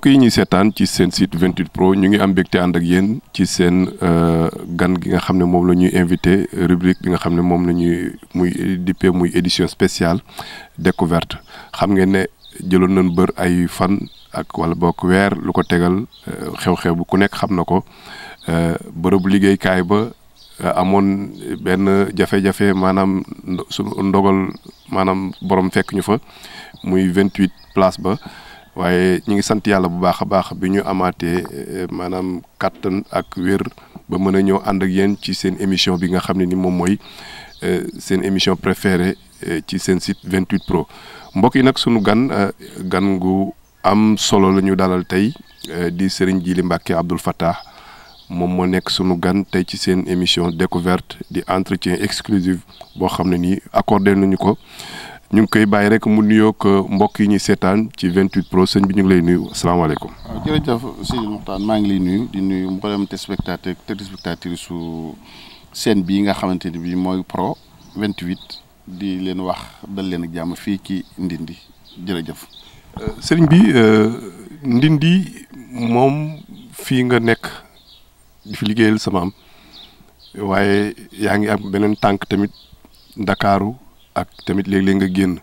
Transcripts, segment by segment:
mbokk yi ñuy seetaan ci seen site 28 pro ñu ngi am mbégte ànd ak yéen ci seen euh, gan gi nga xam ne moom la ñuy invité rubrique bi nga xam ne moom la ñuy muy dippee muy édition spéciale découverte xam ngeen ne jëloon nañ bër ay fan ak wala bokk weer lu ko tegal euh, xew-xew bu ku nekk xam na ko euh, bërëbu liggéeykaay ba amoon benn jafe-jafe maanaam su ndogal maanaam borom fekk ñu fa muy 28 place ba. waaye ñu ngi sant yàlla bu baax a baax bi ñu amaatee eh, maanaam kàttan ak wér ba mën a ñëw ànd ak yéen ci seen émission bi nga xam ne ni moom mooy eh, seen émission préférée eh, ci seen site 28 pro mbokk yi nag sunu gan gan gu am solo la ñu dalal tey di Serigne Djily Mbacké Abdoul Fatah moom moo nekk sunu gan tey ci seen émission découverte di entretien exclusive boo xam ne nii accordé nañu ko. ñu ngi koy bàyyi rek mu nuyoog euh, mbokk yi ñuy seetaan ci 28 pro sëñ bi ñu ngi lay nuyu asalaamaaleykum. waaw jërëjëf Sidi Mokhtar maa ngi lay nuyu di nuyu mboolem téléspectateur téléspectatrice su seen bii nga xamante ni bii mooy pro 28 di leen wax dal leen jàmm fii ci Ndindi jërëjëf. Euh, sëriñ bi euh, Ndindi moom fii nga nekk di fi liggéeyal sama am waaye yaa ngi am beneen tànk tamit Ndakaaru. ak tamit léeg-léeg nga génn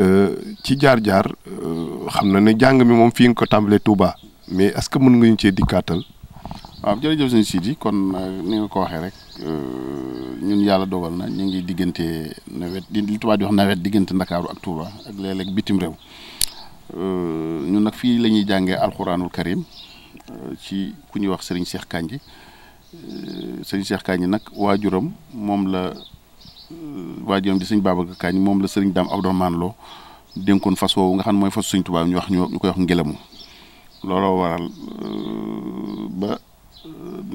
euh, ci jaar-jaar euh, xam na ni jàng mi moom fii nga ko tàmbalee Touba mais est-ce que mën nga ñu cee dikkaatal. waaw jërëjëf sëñ Sidi kon euh, ni nga ko waxee rek ñun yàlla dogal na ñu ngi diggante nawet li tubaab di wax nawet diggante Ndakaaru ak Touba ak léeg-léeg bitim réew ñun nag fii lañuy jàngee alxuraanul karim ci ku ñuy wax sëriñ Cheikh Kanji sëriñ Cheikh Kanji nag waajuram moom la. Euh, waajuram di sëñ Babacar Kañ moom la sëriñ Daam Abdourahmane Lo dénkoon fas woowu nga xam ne mooy fas sëñ Tuubaa ñu wax ñu koy wax ngelamu looloo waral euh, ba euh,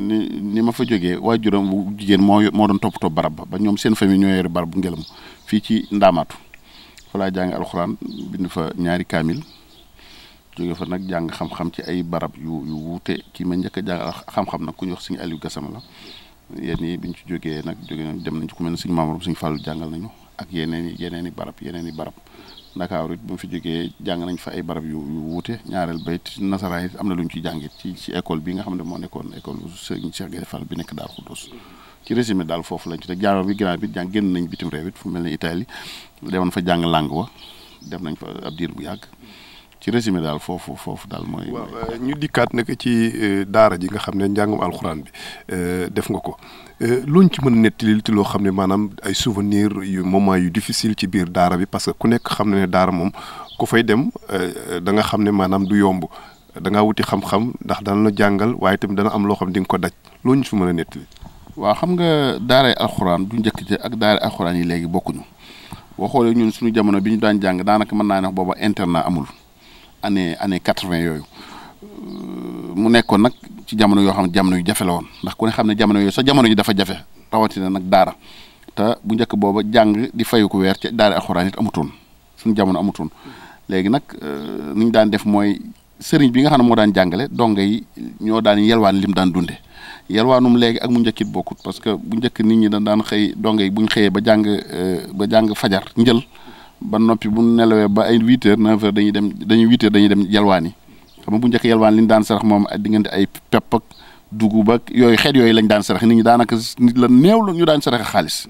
ni ni ma fa jógee waajuram bu jigéen moo moo doon toppatoo barab ba ba ñoom seen famille ñoo yore barab bu ngelamu fii ci Ndaamaatu fa laa jàng alxuraan bind fa ñaari kaamil jóge fa nag jàng xam-xam ci ay barab yu yu wuute kii ma njëkk a jàng xam-xam nag ku ñu wax sëñ Aliou Gassama la. yenn yi biñ ci jógee nag jóge nañ dem nañ ci ku mel ne suñ maam suñu fàllu jàngal nañu ak yeneen i yeneen i barab yeneen i barab Ndakaaru it bu mu fi jógee jàng nañ fa ay barab yu yu wuute ñaareel bayit nasaraan it am na lu ñu ciy jàngit ci ci école bi nga xam ne moo nekkoon école Serigne Cheikh Gueye bi nekk Daaru Xudoos ci résumé daal foofu lañ ci teg jaaroon bi ginnaaw bi jàng génn nañ bitim réew it fu mel ne Italie demoon fa jàng langue wa dem nañ fa ab bu yàgg ci résumé daal foofu foofu daal mooy. waaw euh, ñu dikkaat nag ci euh, daara ji nga xam ne njàngum alxuraan bi euh, def nga ko luñ ci mën a nettali ci loo xam ne maanaam ay souvenir yu moment yu difficile ci biir daara bi parce que ku nekk xam na ne daara moom ku fay dem da nga xam ne maanaam du yomb da ngaa wuti xam ndax dana la jàngal waaye tamit dana am loo xam ne di nga ko daj luñ ci mën a nettali. waaw xam nga daaray alxuraan du njëkk ji ak daaray alxuraan yi léegi bokkuñu boo xoolee ñun suñu jamono bi ñu daan jàng daanaka mën naa ne booba internat amul année année quatre-vingt yooyu euh, mu nekkoon nag ci jamono yoo xam ne jamono yu jafe la woon ndax ku xam ne jamono yooyu sa jamono ji dafa jafe rawatina nag daara te bu njëkk booba jàng di fayu ko weer ci daal alxuraan it amutoon suñu jamono amutoon léegi nag euh, ni ñu daan def mooy sëriñ bi nga xam ne moo daan jàngale donga yi ñoo daan yelwaan lim daan dunde yelwaanum léegi ak mu njëkkit bokkut parce que bu njëkk nit ñi dañ daan xëy donga yi bu ñu xëyee ba jàng euh, ba jàng fajar njël ba noppi bu nelawee ba ay huit heures dañuy dem dañuy huit dañuy dem yalwaani xam nga bu njëkk yalwaan li ñu daan sarax moom diggante ay pepp ak dugub ak yooyu xeet yooyu lañ daan sarax nit ñi daanaka nit la néew la ñu daan sarax xaalis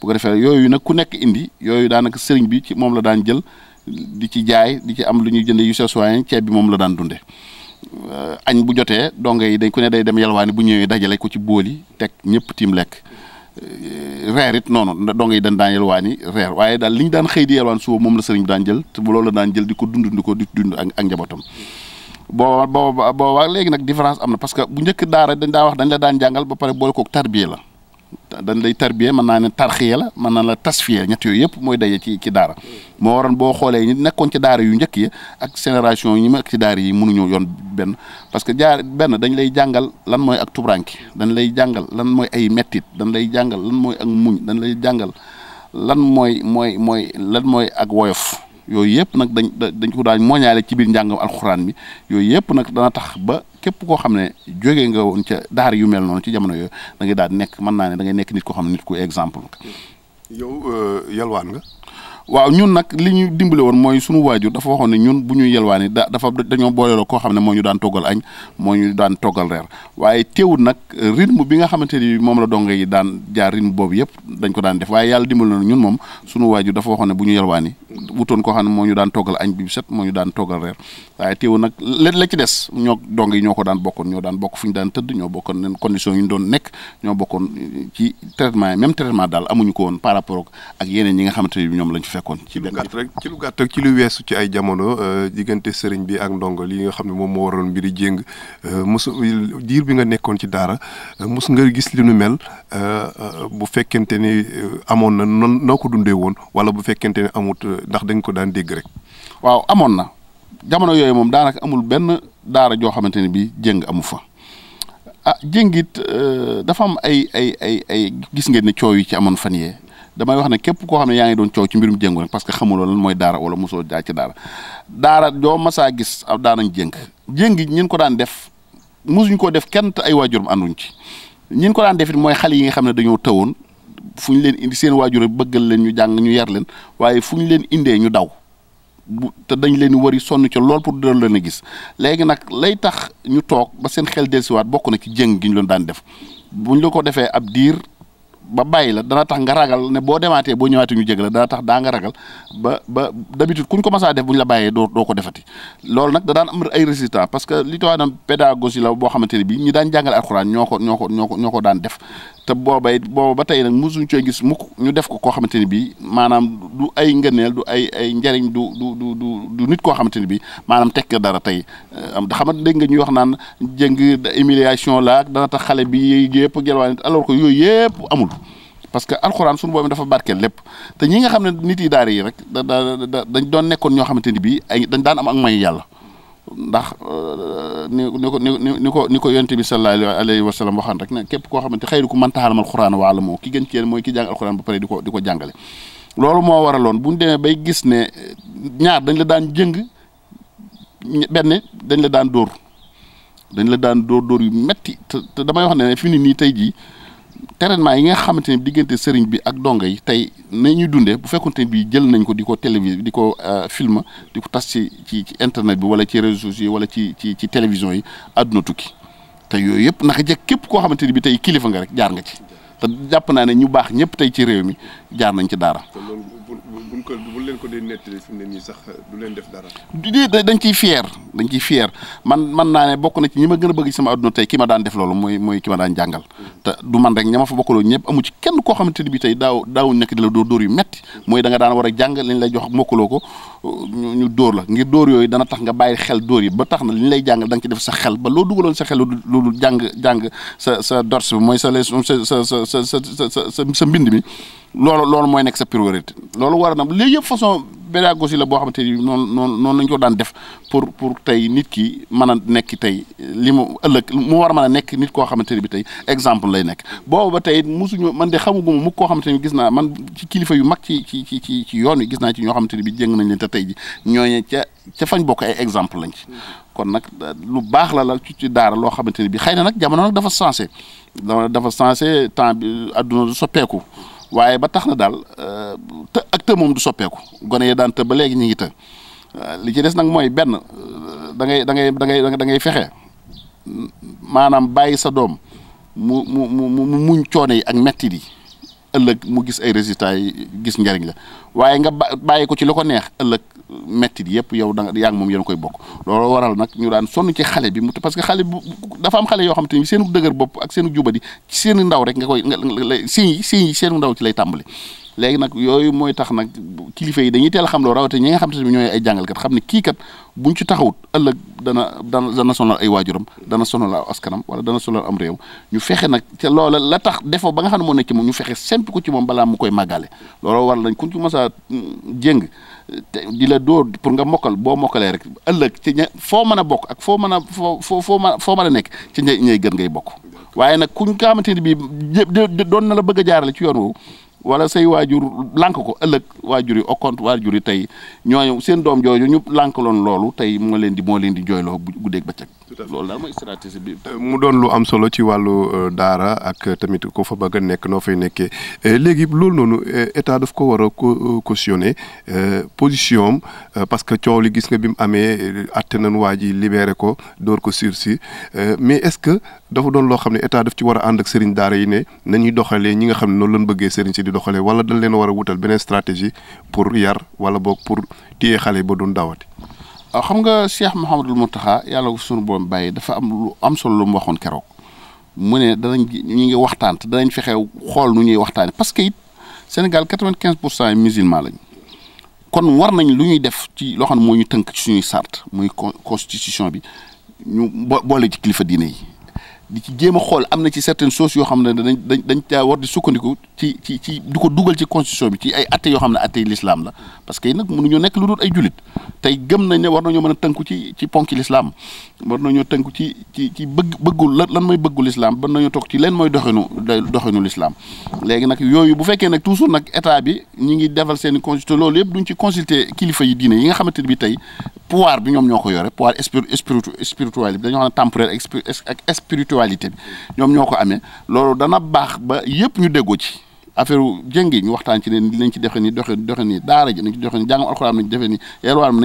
bu ko defee yooyu nag ku nekk indi yooyu daanaka sëriñ bi ci moom la daan jël di ci jaay di ci am lu ñuy jënde yu sesuwaay ceeb bi moom la daan dunde añ bu jotee donge yi dañ ko ne day dem yalwaani bu ñëwee dajale ko ci bool yi teg ñëpp tiim lekk Eh, reer it noonu dong yi dañ daan yelwaani reer waaye daal li ñu daan xëy di yelwaan suba moom la sëriñ bi daan jël te loolu la daan jël di ko dund di ko di dund ak boo njabootam booba booba booba léegi nag différence am na parce que bu njëkk daara dañ daa wax dañ la daan jàngal ba pare boole kook tarbiya la dañ lay tarbiya mën naa ne tarxiya la mën naa la tasfiya ñett yooyu yëpp mooy daje ci ci daara moo waroon boo xoolee ñi nekkoon ci daara yu njëkk yi ak génération yi ma ak ci daara yi mënuñu yoon benn parce que jaar benn dañ lay jàngal lan mooy ak tubranki dañ lay jàngal lan mooy ay mettit dañ lay jàngal lan mooy ak muñ dañ lay jàngal lan mooy mooy mooy lan mooy ak woyof yooyu yëpp nag dañ dañ ko daan mooñaale ci biir njàngam alxuraan bi yooyu yëpp nag dana tax ba képp koo xam ne jógee nga woon ca daar yu mel noonu ci jamono yo da ngay daal nekk mën naa ne da nekk nit koo xam ne nit ku exemple yow euh, yalwaan nga waaw ñun nag li ñu dimbale woon mooy suñu waajur dafa waxoon ne ñun bu ñuy yelwaani da dafa dañoo booleeloo koo xam ne moo ñu daan toggal añ moo ñu daan toggal reer waaye teewul nag rythme bi nga xamante ni moom la donga yi daan jaar rythme boobu yëpp dañ ko daan def waaye yàlla dimbale na ñun moom suñu waajur dafa waxoon ne bu ñu yelwaani wutoon koo xam ne moo ñu daan toggal añ bi moo ñu daan toggal reer waaye teewul nag la des ñoo dong yi ñoo ko daan bokkoon ñoo daan bokk fu ñu daan tëdd ñoo bokkoon leen condition yu ñu doon nekk ñoo bokkoon ci traitement même traitement daal amuñu ko woon par rapport ak yeneen ñi nga xamante ñoom lañ fekkoon. ci lu rek ci lu ci lu weesu ci ay jamono euh, diggante sëriñ bi ak ndongo li nga xam ne moom moo waroon mbiri jéng euh, mos diir bi nga nekkoon ci daara euh, mos nga gis li nu mel bu fekkente ni amoon na noon noo ko dundee woon wala bu fekkente ne amut ndax dañ ko daan dégg rek. waaw amoon na jamono yooyu moom daanaka amul benn daara joo xamante ne bii jéng amu fa. ah jéngit dafa am ay ay ay ay gis ngeen ne coow yi ci amoon fan yee damay wax ne képp koo xam ne yaa ngi doon coow ci mbirum jéngu rek parce que xamuloo lan mooy daara wala mosoo jaay ci daara daara doo masaa gis ab daanañ jéng jéng ñin ko daan def mosuñ koo def kenn ay waajuram ànduñ ci ñin ko daan def mooy xale yi nga xam ne dañoo tëwoon fu ñu leen indi seen waajur bëggal leen ñu jàng ñu yar leen waaye fu ñu leen indee ñu daw bu te dañ leen wari sonn ca lool pour doon leen a gis léegi nag lay tax ñu toog ba seen xel dellusiwaat bokk na ci jéng gi ñu leen daan def bu ñu la ko defee ab diir ba bàyyi la dana tax nga ragal ne boo demaatee boo ñëwaatee ñu jég la dana tax daa nga ragal ba ba d'habitude kuñ ko mës a def bu ñu la bàyyee doo doo ko defati lool nag da daan am ay résistants parce que li tax na pédagogie la boo xamante ne bii ñi daan jàngale alxuraan ñoo ko ñoo ñoo ko ñoo ko daan def te booba it booba ba tey nag mosuñ cooy gis mukk ñu def ko koo xamante ne bii maanaam du ay ngëneel du ay ay njariñ du du du du du nit koo xamante ne bii maanaam tekk dara tey am xam nga dégg nga ñuy wax naan jëng humiliation la ak dana tax xale bi yëpp gelwaan alors que yooyu yëpp amul parce que alxuraan suñu boobu dafa barkeel lépp te ñi nga xam ne nit yi daara yi rek da doon nekkoon ñoo xamante ni bii ay dañ daan am ak may yàlla ndax euh, ni ni ko ni ko ni ko yonent bi sallallahu alayhi wa sallam waxaan rek ne képp koo xamante xayrukum man ta'allama alxuraan wa 'allamahu ki gën ci yéen mooy ki jàng alxuraan ba pare di ko jàngale loolu moo waraloon bu demee bay gis ne ñaar dañ la daan jëng benn dañ la daan dóor dañ la daan door yi yu metti te damay wax ne fi nii tey jii traitement yi nga xamante ne diggante sëriñ bi ak donga yi tey na ñuy dundee bu fekkonte bi jël nañ ko di ko télévis di ko euh, film di ko tas ci ci ci internet bi wala ci réseaux wala ci ci ci télévision yi àdduna tukki te yooyu yëpp naka jëkk képp koo xamante ni bi tey kilifa nga rek jaar nga ci te jàpp naa ne ñu baax ñëpp tey ci réew mi jaar nañ ci daara ko bu leen ko dee nettali fi ne nii sax du leen def dara. dañ ciy fier dañ ciy fier man man naa ne bokk na ci ñi ma gën a bëgg sama àdduna tey ki ma daan def loolu mooy mooy ki ma daan jàngal. du man rek ña ma fa bokkaloo ñëpp amu ci kenn koo xamante ni bi tey daaw daaw nekk di la dóor dóor yu metti mooy danga daan war a jàng lañ lay jox mokkaloo ko ñu dóor la ngir door yooyu dana tax nga bàyyi xel dóor yi ba tax na liñ lay jàngal da nga ci def sa xel ba lo dugaloon sa xel loolu jàng jàng sa sa dors mooy sa sa sa sa sa sa sa mbind mi loolu loolu mooy nekk sa priorité loolu war na léegi yëpp façon pédagogie la boo xamante ni noonu noonu noonu lañu ko daan def pour pour tey nit ki mën a nekk tey li mu ëllëg mu war a nekk nit koo xamante ni bi tey exemple lay nekk boobu tey musuñu man de xamuguma mu koo xamante ni gis naa man ci kilifa yu mag ci ci ci ci ci yoon wi gis naa ci ñoo xamante ni bi jéng nañ te tey ji ñooñe ca ca fañ bokk exemple lañ ci kon nag euh, lu baax la la ci ci daara loo xamante ni bi xëy na nag jamono nag dafa sensé dafa sensé temps bi adduna soppeeku waaye ba tax na daal euh, të ak të moom du soppeeku gone yi daan të ba léegi ñu ngi të euh, li ci des nag mooy benn euh, da ngay da ngay da ngay da ngay fexe maanaam bàyyi sa doom mu mu mu mu muñ coone yi ak mettit yi ëllëg mu gis ay résultats yi gis njariñ la waaye nga bàyyi ko ci la ko neex ëllëg mettit yëpp yow danga yaa ngi moom yéen koy bokk loolu waral nag ñu daan sonn ci xale bi mu parce que xale bu dafa am xale yoo xam te ni seenu dëgër bopp ak seenu jubadi ci seen ndaw rek nga koy nga lay siiñ yi siiñ yi seenu ndaw ci lay tàmbali léegi nag yooyu mooy tax nag kilifa yi dañuy teel a xam loo rawate ñi nga xam te ne ñooy ay jàngalkat xam ne kii kat buñ ci taxawut ëllëg dana dana dana sonal ay waajuram dana sonal aw askanam wala dana sonal am réew ñu fexe nag te loola la tax defoo ba nga xam ne moo nekk ci moom ñu fexe semp ko ci moom balaa koy màggale looloo war lañ kuñ ci mës a mm, jéng te di la dóor pour nga mokkal boo mokkalee rek ëllëg ci ña foo mën a bokk ak mën a foo foo foo foo mën a nekk ci ñay ñay gën ngay bokk waaye nag kuñ nga xamante ni bii doon na la bëgg a jaarale ci yoon woowu wala say waajur lànk ko ëllëg waajur yi au compte waajur yi tey ñooñu seen doom jooju ñu lànkaloon loolu tey moo leen di moo leen di jooyloo guddeeg bëccëg loolu daal mooy stratégie bi euh, mu doon lu am solo ci wàllu euh, daara ak tamit ko fa bëgg a nekk noo fay nekkee euh, léegi loolu noonu état daf ko war a cautionner position am parce que coow li gis nga bi mu amee na nañ waa ji libéré ko dóor ko sursis mais est-ce que dafa doon loo xam ne état daf ci war a ànd ak sëriñ daara yi ne nañuy doxalee ñi nga xam ne noonu lañ bëggee sëriñ si di doxalee wala dañ leen war a wutal beneen stratégie pour yar wala boog pour téye xale ba doon dawate waaw ah, xam nga Cheikh Mouhamadul Mountakha yàlla suñu borom bàyyi dafa am am solo lu mu waxoon keroog mu ne danañ ñu ngi waxtaan te danañ fexe xool nu ñuy waxtaanee parce que it Sénégal quatre-vingt-quinze pour cent musulman lañ kon war nañ lu ñuy def ci loo ne moo ñu tënk ci suñuy sart muy constitution bi ñu boole ci kilifa diine yi. di ci jéem a xool am na ci certaines choses yoo xam ne dañ dañ dañ caa war di sukkandiku ci ci ci ko dugal ci constitution bi ci ay atte yoo xam ne atte yi lislaam la parce que nag mun mënuñoo nekk lu dul ay jullit tey gëm nañ ne war nañoo mën a tënku ci ci ponki lislaam war nañoo tënk ci ci ci bëgg bëggul lan lan mooy bëggu lislaam ban nañoo toog ci leen mooy doxinu doxinu lislaam léegi nag yooyu bu fekkee nag toujours nag état bi ñu ngi defal seen i consulté loolu yëpp duñ ci consulté kilifa yi diine yi nga xamante ne bi tey pouvoir bi ñoom ñoo ko yore pouvoir spiritu spiritualité bi dañoo xam ne temporel ak spiritualité bi ñoom ñoo ko amee loolu dana baax ba yëpp ñu déggoo ci affaire jëng yi ñu waxtaan ci ne ci defe ni doxe doxe ni daara ji nañ ci doxe ni jàngam alxuraan nañ ci defe ni yelwaan mi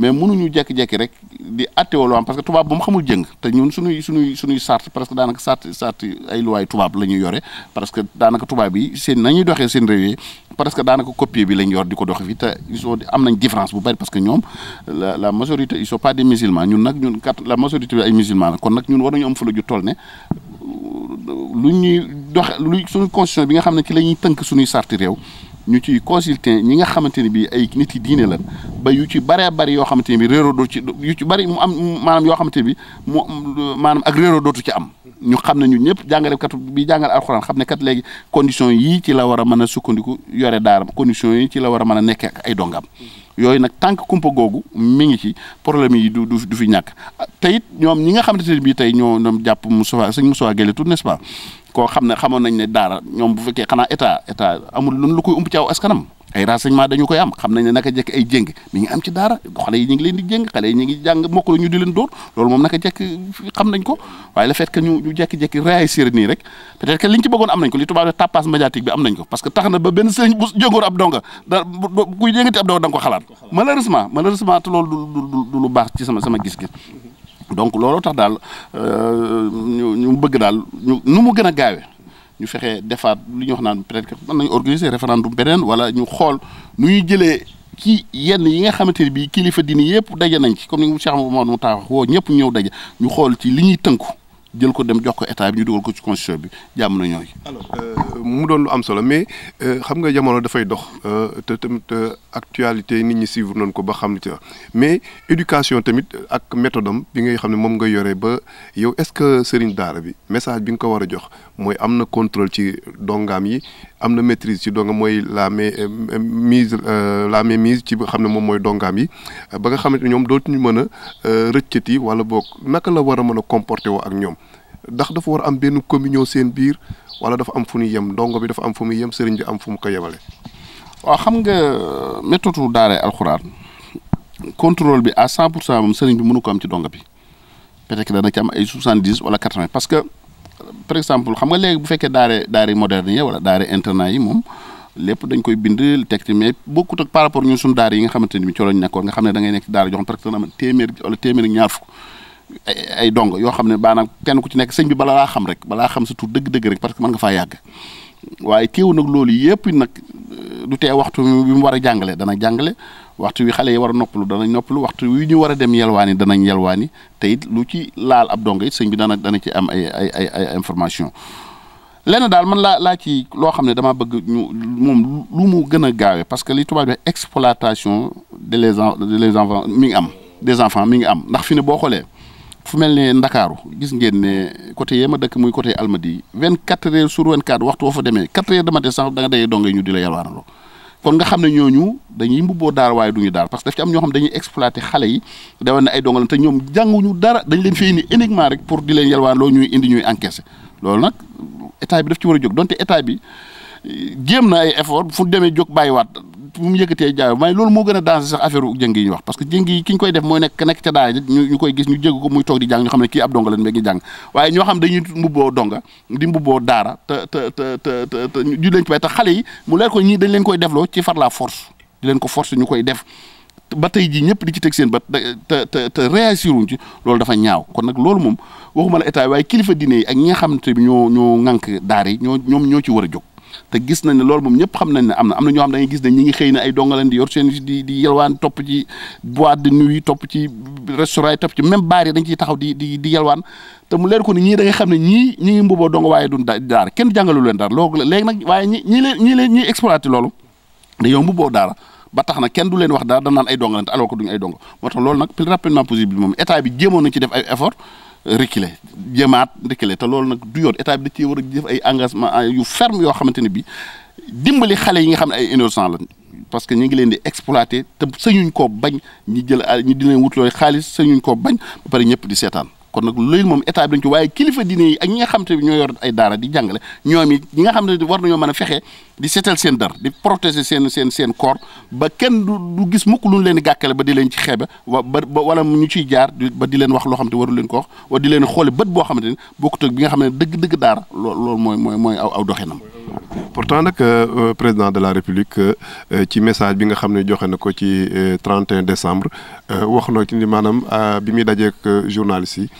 nañ jekki-jekki rek di attewoo lu am parce que tubaab bu mu xamul jëng te ñun suñuy suñuy suñuy sart parce que daanaka sart ay luwaay tubaab la ñuy yore parce que daanaka tubaab yi seen nañuy doxee seen réew yi parce que daanaka copier bi lañ yor di ko doxe fi te ils sont am nañ différence bu bari parce que ñoom la la majorité ils sont pas des musulmans ñun nag ñun kat la majorité bi lu ñuy dox lu suñu constitution bi nga xam ne ci la ñuy tënk suñuy sarti réew ñu ciy consulter ñi nga xamante ne bii ay nit yi diine lan ba yu ci bëree bëri yoo xamante ne bii réeroo dootu ci yu ci bëri mu am maanaam yoo xamante ne bii mu ak réeroo dootu ci am ñu xam ne ñu ñëpp jàngalekat bi jàngale alxuraan xam ne kat léegi condition yii ci la war a mën a sukkandiku yore daaram condition yi ci la war a mën a nekkee ak ay dongam yooyu nag tànk kumpa googu mi ngi ci problème yi du du fi ñàkk teyit ñoom ñi nga xamante ne bii tey ñoo ñoom jàpp Moustapha sëñ Moustapha Guèye tout n'est-ce pas koo xam ne xamoon nañ ne daara ñoom bu fekkee xanaa état état amul lu lu koy ump ci aw askanam ay renseignement dañu koy am xam nañ ne naka jekk ay jéng mi ngi am ci daara xale yi ñu ngi leen di jéng xale yi ñu ngi jàng mokk ñu di leen dóor loolu moom naka jekk xam nañ ko waaye le fait que ñu ñu jekki-jekki réussir nii rek peut-être que liñ ci bëggoon am nañ ko li tubaab de tapage médiatique bi am nañ ko parce que tax na ba benn sëñ bu jéngoon ab donga da kuy jéngati ab donga da ko xalaat malheureusement malheureusement te loolu du du lu baax ci sama sama gis-gis donc looloo tax daal euh, ñu ñu bëgg daal ñu nu mu gën a gaawee ñu fexe defaat lu ñuy wax naan peut-être que mën nañu organiser référendum beneen wala ñu xool nu ñuy jëlee ci yenn yi nga xamante ne bii kilifa dini yëpp daje nañ ci comme ni mu Cheikh Mamadou mu taax woo ñëpp ñëw daje ñu xool ci li ñuy tënku jël ko dem jox ko état bi ñu dugal ko ci constitution bi jàmm na ñooy. alors euh, mu doon lu am solo mais euh, xam nga jamono dafay dox euh, te tamit actualité nit ñi suivre nañ ko ba xam ci mais éducation tamit ak méthode am bi ngay xam ne moom nga yore ba yow ce que sëriñ daara bi message bi nga ko war a jox mooy am na contrôle ci dongaam yi am na maîtrise ci dongam mooy la main mise la main mise ci xam ne moom mooy dongaam yi ba nga xamante ne ñoom dootuñu mën a rëccati wala book naka la war a mën a comporter woo ak ñoom. ndax dafa war am benn communion seen biir wala dafa am fu ñuy yem ndongo bi dafa am fu muy yem sëriñ bi am fu mu ko yemale. waaw xam nga euh, méthode daara alxuraan contrôle bi à cent pour cent bi mënu ko am ci dongo bi peut-être que dana ci am ay soixante dix wala quatre parce que par exemple xam nga léegi bu fekkee daare moderne yi moom lépp dañ koy bind teg ci mais bokkut ak par rapport ñun suñu daara yi nga xamante bi ci lañ nga xam ne da nekk daara jox presque ay dong yoo xam ne baanaam kenn ku ci nekk sëñ bi bala laa xam rek balaa xam sa tur dëgg-dëgg rek parce que mën nga fa yàgg waaye teewu nag loolu yëpp nag lu euh, tee waxtu bi mu war a jàngale dana jàngale waxtu wi xale yi war noppalu danañ noppalu waxtu wi ñu war a dem yelwaani danañ yelwaani te it lu ci laal ab dong it sëñ bi dana dana ci am ay information lenn daal man laa laa ci loo xam ne dama bëgg ñu moom lu mu gën a gaawee parce que li tubaab bi exploitation de les de les enfants mi ngi am des enfants mi ngi am ndax fi ne boo xoolee fu mel ne ndakaaru gis ngeen ne côté yee dëkk muy côté Almadies vingt quatre heures sur vingt quatre waxtu woo fa demee quatre heures de matin sax da nga dayee ñu di la yalwaanaloo kon nga xam ne ñooñu dañuy mbubboo daar waaye du daal parce que daf ci am ñoo xam dañuy exploiter xale yi dawoon ne ay dongalan te ñoom jànguñu dara dañ leen fi indi uniquement rek pour di leen yalwaanaloo ñuy indi ñuy encaisser loolu nag état bi daf ci war a jog donte état bi eh, jéem na ay effort fu demee jóg bàyyiwaat bu mu yëkkatee jaay may loolu moo gën a danger sax affaire jëng yi ñu wax parce que jëng yi koy def mooy nekk nekk ca daara ñu ñu koy gis ñu jégg ko muy toog di jàng ñu xam ne kii ab donga leen ñu jàng waaye ñoo xam dañuy xale yi mu leer ko ñii dañ leen koy defloo ci far la force di leen ko force ñu koy def ba tey jii ñëpp di ci teg seen bët te te ci loolu dafa ñaaw kon nag loolu moom waxuma la état waaye kilifa diine yi ak ñi nga xam te bi ñu ñoo ŋànk daar yi ñoo ñoom ñoo ci war a jóg te gis nañ ne lool moom ñëpp xam nañ ne am na am na ñoo gis ne ñi ngi xëy na ay dongaleen di yor seen di yalwaan topp ci boîte de nuit topp ci restaurant yi topp ci même baar yi dañ ciy taxaw di di di yalwaan te mu leer ko ni ñii da xam ne ñii ñi ngi mbuboo dong waaye duñ daara kenn jàngalu leen dara loolu léegi nag waaye ñi ñi leen ñi leen ñiy exploité loolu dañoo mbuboo daara ba tax na kenn du leen wax dara danaan ay ay dong moo tax loolu nag plus rapidement possible moom état bi reculer jëmaat reculer te loolu nag du yoon état bi da cee war a jëf ay engagement yu ferme yoo xamante ne bi dimbali xale yi nga xam ay innocent la parce que ñu ngi leen di exploiter te sëñuñ koo bañ ñi jël ñi di leen wutloo xaalis sëñuñ koo bañ ba pare ñëpp di seetaan kon nag loolu moom état bi dañ ci waaye kilifa diine yi ak ñi nga xam te ñoo yor ay daara di jàngale ñoom it ñi nga xam ne war nañoo mën a fexe di seetal seen dar di protéger seen seen seen corps ba kenn du du gis mukk lu leen di gàkkale ba di leen ci xeebe wa ba wala ñu ciy jaar ba di leen wax loo xam te waru leen ko wax di leen xoole bët boo xamante ni bokkut ak bi nga xam ne dëgg dëgg daara loo loolu mooy mooy mooy aw aw doxinam pourtant nag euh, euh, président de la république euh, ci message bi nga xam ne joxe na ko ci 31 décembre wax na ci ni maanaam bi muy dajeek journaliste yi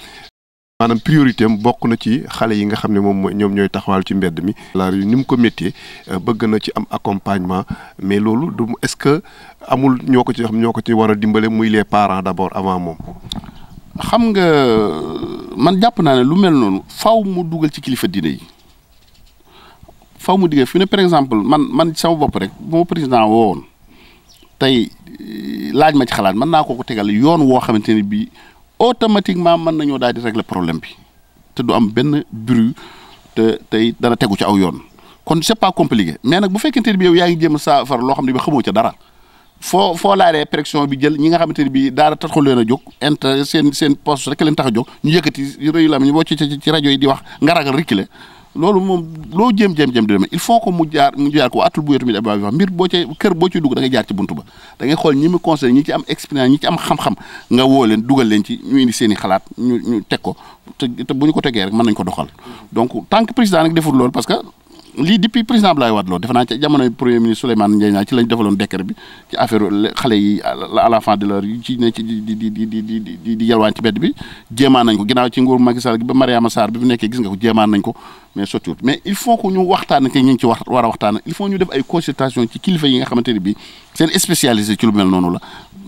maanaam priorité am bokk na ci xale yi nga xam ne moom ñoom ñooy taxawal ci mbedd mi. laar yu ni mu ko méttee euh, bëgg na ci am accompagnement mais loolu du est-ce que amul ñoo ko ci xam ñoo ko ci war a dimbale muy les parents d'abord avant moom. xam nga man jàpp naa ne lu mel noonu faw mu dugal ci kilifa diine yi faw mu digal fi ne par exemple man man sama bopp rek moo président woowoon tey euh, laaj ma ci xalaat mën naa ko ko tegal yoon woo xamante ne bii. automatiquement mën nañoo daal di régler problème bi te du am benn bruit te tey dana tegu ci aw yoon kon c'est pas compliqué mais nag bu fekkente ni bi yow yaa ngi jéem a saafara loo xam ne bi xamoo ca dara foo foo laalee pression bi jël ñi nga xamante ni bii daara taxul leen a jóg inter seen seen poste leen tax a jóg ñu yëkkati rëyu la ñu boo ci ci rajo yi di wax nga ragal reculer loolu moom loo jëm jëm jëm di demee il faut que mu jaar mu jaar ko atul bu yotu mi di wax mbir boo cee kër boo ciy dugg da jaar ci buntu ba da xool ñi mu conseillé ñi ci am expérience ñi ci am xam-xam nga woo leen dugal leen ci ñu indi seen xalaat ñu ñu teg ko te bu ñu ko tegee rek mën nañ ko doxal donc tant que président nag deful loolu parce que lii depuis président Abdoulaye Wade loolu defe naa ci jamonoy premier ministre Souleymane Ndiaye ñaa ci lañ defaloon décret bi ci affaire xale yi à la fin de l'heure yi ci ne ci bi jéemaan nañ ko ginnaaw ci nguuru Macky Sall ba Mariama Sarr bi bu nekkee gis nga ko jéemaan nañ ko mais sottiwut mais il faut que ñu waxtaan te ñu ci war a waxtaan il faut ñu def ay consultation ci kilifa yi nga xamante ni seen spécialisé ci lu mel noonu la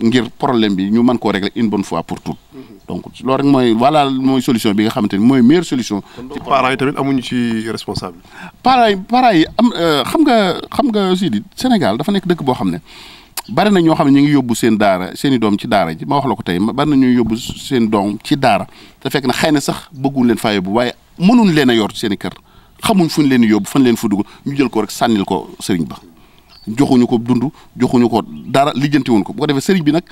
ngir problème bi ñu mën koo régler une bonne fois pour donc loolu rek mooy voilà mooy solution bi nga xamante ni mooy meilleure solution. ci parents yi tamit amuñu ci responsable. parents yi parents yi am euh, xam nga xam nga aussi Sénégal dafa nekk dëkk boo xam ne bari na ñoo xam ne ñu ngi yóbbu seen daara seen i doom ci daara ji ma wax la ko tey bari na ñuy yóbbu seen doom ci daara te fekk na xëy na sax bëgguñ leen faa yóbbu waaye mënuñ leen a yor seen i kër xamuñ fuñ leen yóbbu fan leen fu dugg ñu jël ko rek sànnil ko sëriñ ba joxuñu ko dund joxuñu ko dara lijjantiwuñ ko bu ko defee bi nag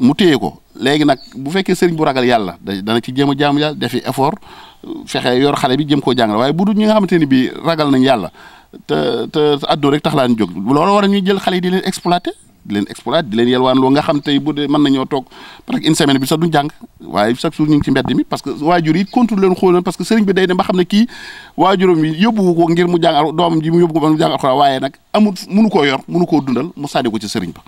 mu téye ko léegi nag bu fekkee sëriñ bu ragal yàlla dana ci jéem a jaamu yàlla defi effort fexe yor xale bi jëm koo jàngal waaye bu dul ñi nga xamante ni bii ragal nañ yàlla te te addoo rek tax laa ñu jóg loolu war jël xale yi di leen exploité di leen exploité di leen yelwaan loo nga xam tey bu dee mën nañoo toog presque une semaine bi sax duñ jàng waaye chaque jour ñu ci mbedd mi parce que waajur yi contrôle leen xool parce que sëriñ bi day dem ba ne kii waajuram ko ngir mu jàng doomam ji mu yóbbu ko mu jàng alxuraan waaye nag amul munu yor munu koo dundal mu ko ci sëriñ ba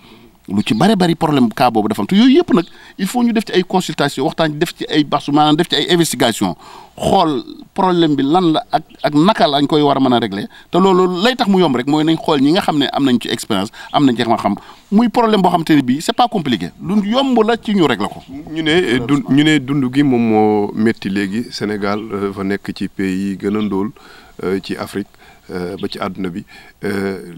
lu ci bare bari problème kaa boobu dafa te yooyu yëpp nag il faut ñu def ci ay consultation waxtaan def ci ay baax def ci ay investigation xool problème bi lan la ak ak naka lañ koy war a mën a régler te loolu lay tax mu yomb rek mooy nañ xool ñi nga xam ne am nañ ci expérience am nañ ci xam-xam muy problème boo xam te ne bii c'est pas compliqué lu yomb la ci ñu régler ko. ñu ne euh, dund ñu ne dund gi moom moo metti léegi Sénégal euh, fa nekk ci pays yi gën a ndóol euh, ci Afrique. Euh, ba ci àdduna bi euh,